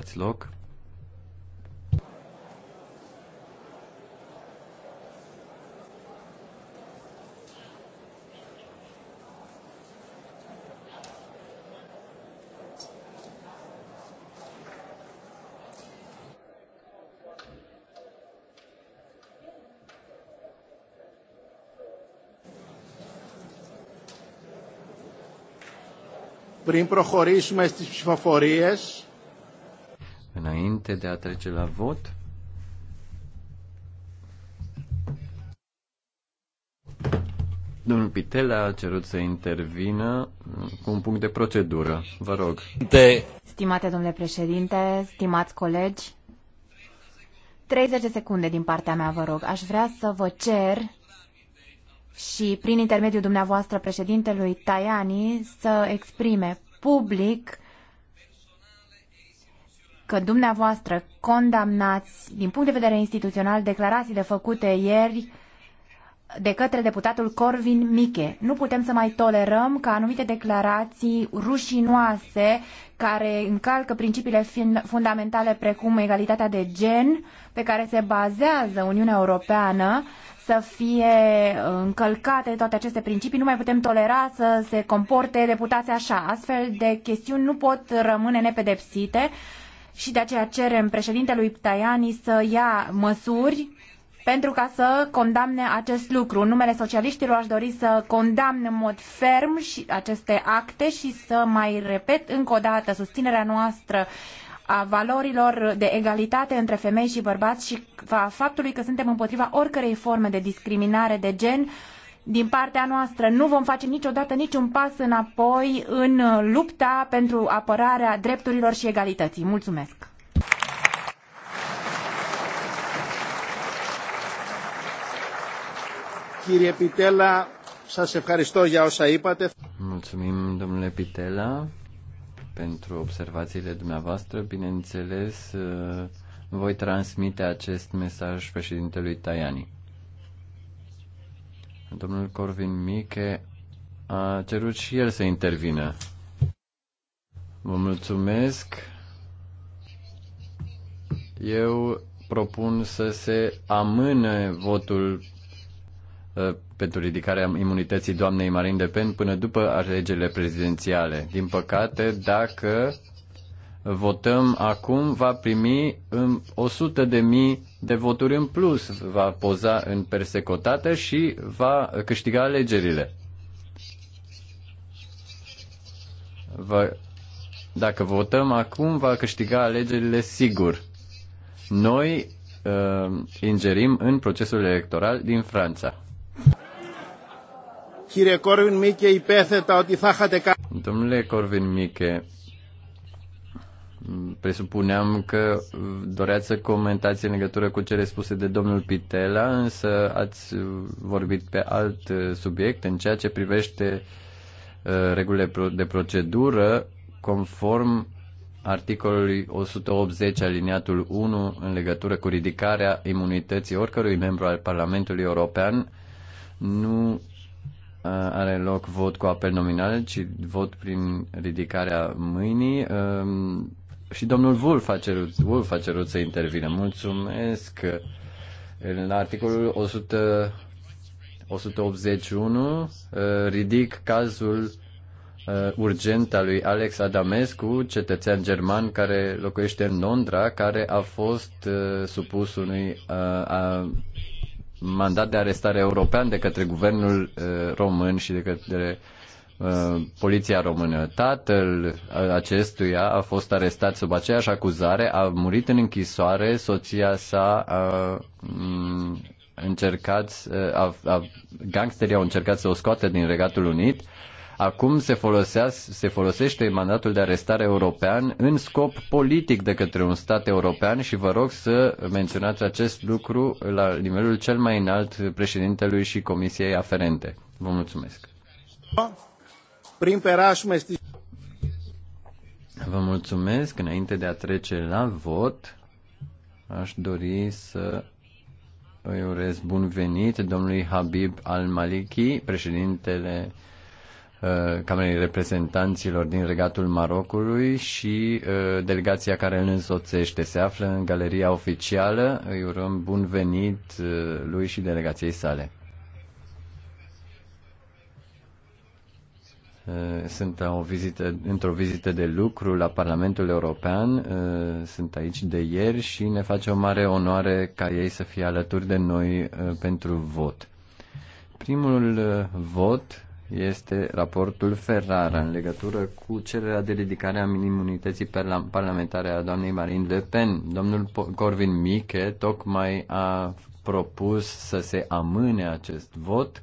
Luați loc. Πριν προχωρήσουμε στις ψηφοφορίες, Înainte de a trece la vot, Domnul Pitele a cerut să intervină cu un punct de procedură. Vă rog. De... Stimate domnule președinte, stimați colegi, 30 de secunde din partea mea, vă rog. Aș vrea să vă cer și prin intermediul dumneavoastră președintelui Tajani să exprime public că dumneavoastră condamnați, din punct de vedere instituțional, declarațiile făcute ieri de către deputatul Corvin Miche. Nu putem să mai tolerăm ca anumite declarații rușinoase care încalcă principiile fundamentale precum egalitatea de gen pe care se bazează Uniunea Europeană să fie uh, încălcate toate aceste principii. Nu mai putem tolera să se comporte deputații așa. Astfel de chestiuni nu pot rămâne nepedepsite și de aceea cerem președintelui Tajani să ia măsuri pentru ca să condamne acest lucru. În numele socialiștilor aș dori să condamn în mod ferm și aceste acte și să mai repet încă o dată susținerea noastră a valorilor de egalitate între femei și bărbați și a faptului că suntem împotriva oricărei forme de discriminare de gen din partea noastră. Nu vom face niciodată niciun pas înapoi în lupta pentru apărarea drepturilor și egalității. Mulțumesc! Κύριε Πιτέλα, σας ευχαριστώ για όσα είπατε. Mulțumim, domnule Pitela, pentru observațiile dumneavoastră. Bineînțeles, voi transmite acest mesaj președintelui Tajani. Domnul Corvin Miche a cerut și el să intervină. Vă mulțumesc. Eu propun să se amâne votul ă, pentru ridicarea imunității doamnei Marine de Pen până după alegerile prezidențiale. Din păcate, dacă votăm acum va primi 100 um, de mii de voturi în plus, va poza în persecotate și va câștiga alegerile. Va, dacă votăm acum, va câștiga alegerile sigur. Noi uh, ingerim în procesul electoral din Franța. Domnule Corvin Miche, Presupuneam că doreați să comentați în legătură cu cele spuse de domnul Pitela, însă ați vorbit pe alt uh, subiect în ceea ce privește uh, regulile de procedură conform articolului 180 aliniatul 1 în legătură cu ridicarea imunității oricărui membru al Parlamentului European nu uh, are loc vot cu apel nominal, ci vot prin ridicarea mâinii. Um, și domnul Wolf a cerut, Wolf a cerut să intervină. Mulțumesc. În articolul 100, 181 uh, ridic cazul uh, urgent al lui Alex Adamescu, cetățean german care locuiește în Londra, care a fost uh, supus unui a, a, mandat de arestare european de către guvernul român și de către Uh, poliția română. Tatăl uh, acestuia a fost arestat sub aceeași acuzare, a murit în închisoare, soția sa a mm, încercat, uh, a, a, gangsterii au încercat să o scoată din Regatul Unit. Acum se, folosea, se folosește mandatul de arestare european în scop politic de către un stat european și vă rog să menționați acest lucru la nivelul cel mai înalt președintelui și comisiei aferente. Vă mulțumesc. Prin Vă mulțumesc. Înainte de a trece la vot, aș dori să îi urez bun venit domnului Habib al-Maliki, președintele uh, Camerei Reprezentanților din Regatul Marocului și uh, delegația care îl însoțește se află în galeria oficială. Îi urăm bun venit uh, lui și delegației sale. Eh, sunt o vizită, într-o vizită de lucru la Parlamentul European, eh, sunt aici de ieri și ne face o mare onoare ca ei să fie alături de noi eh, pentru vot. Primul vot este raportul Ferrara în legătură cu cererea de ridicare a imunității parlamentare a doamnei Marine Le Pen. Domnul Corvin Miche tocmai a propus să se amâne acest vot